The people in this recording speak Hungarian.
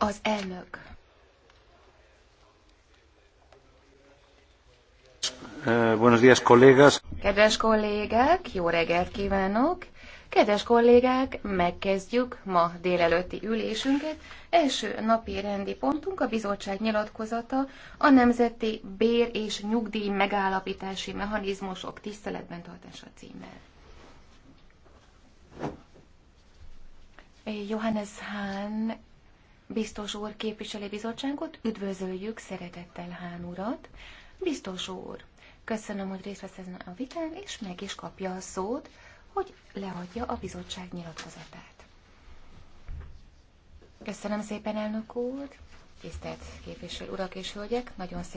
Az elnök. Eh, buenos días, kollégás. Kedves kollégák, jó reggelt kívánok! Kedves kollégák, megkezdjük ma délelőtti ülésünket. Első napi rendi pontunk a bizottság nyilatkozata a Nemzeti Bér és Nyugdíj Megállapítási Mechanizmusok tiszteletben tartása címmel. Johannes Hahn Biztos úr képviseli bizottságot, üdvözöljük szeretettel Hán urat. Biztos úr, köszönöm, hogy részt vesz ezen a vitán, és meg is kapja a szót, hogy leadja a bizottság nyilatkozatát. Köszönöm szépen, elnök úr! Tisztelt képviselő urak és hölgyek, nagyon szépen